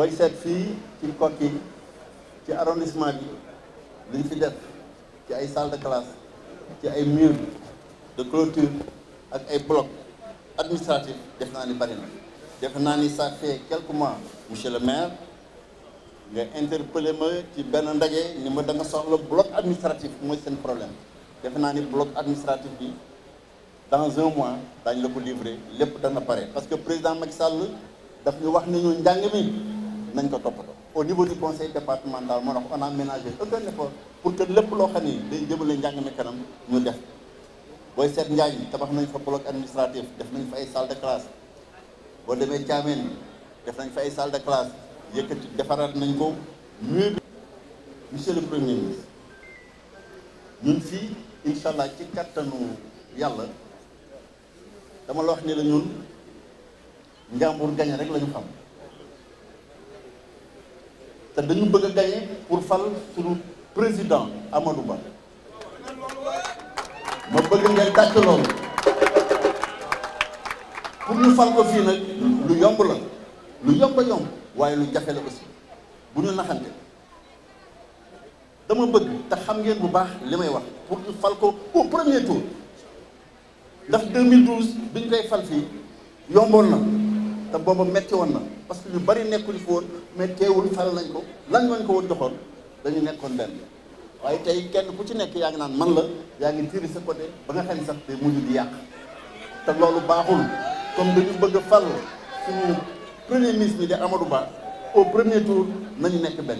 booy seet fii ci Koki ci arrondissement bi liñ fi def ci ay salle de classe ci ay mur de clôture ak ay bloc administratif def naa ni bari na def naa ni ça fait quelques mois monsieur le maire nga interpellé ma ci benn ndaje ni ma da soxla bloc administratif mooy seen problème def naa ni bloc administratif bi dans un mois daañu la ko livrer lépp dana pare parce que président Macky sàll daf ñu wax ni ñu njàng mi nañ ko toppatoo au niveau du conseil départemental moo tax on a ménagé aucun effort pour que lépp loo xam ni day jëmale njàng mi kanam ñu def booy seet njaañ tabax nañ fa bloc administratif def nañ fa ay salle de classe boo demee Thiamène def nañ fa ay salle de classe yëkkati defaraat nañ ko mur bi monsieur le premier ministre ñun fii incha ci kattanu yàlla dama la wax ni la ñun njàmbur gañe rek lañu xam te dañu bëgg a gañe pour fal suñu président amalu Ba ma bëgg ngeen tàcc loolu pour ñu fal ko fii nag lu yomb la lu yomb a yomb waaye lu jafe la aussi bu ñu naxante dama bëgg te xam ngeen bu baax li may wax pour ñu fal ko au premier tour ndax bi ñu koy fal fii yomboon na. te booba metti woon na parce que ñu bari nekkul fi woon mais teewul faral nañ ko lan lañ ko woon joxoon dañu nekkoon benn waaye tey kenn ku ci nekk yaa ngi naan man la yaa ngi tiiri sa côté ba nga xam ne sax te mujj di yàq te loolu baaxul comme dañu bëgg a fal suñu premier ministre bi di Amadou Ba au premier tour nañu nekk benn